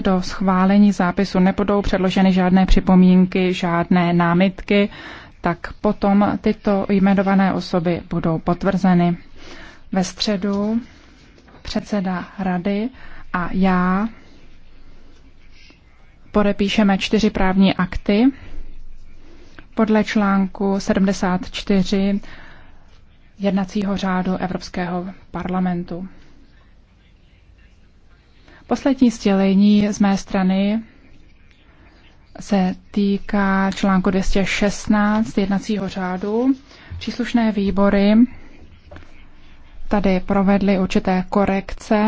do schválení zápisu nebudou předloženy žádné připomínky, žádné námitky, tak potom tyto jmenované osoby budou potvrzeny. Ve středu předseda rady a já podepíšeme čtyři právní akty podle článku 74 jednacího řádu Evropského parlamentu. Poslední sdělení z mé strany se týká článku 216 jednacího řádu. Příslušné výbory tady provedly určité korekce.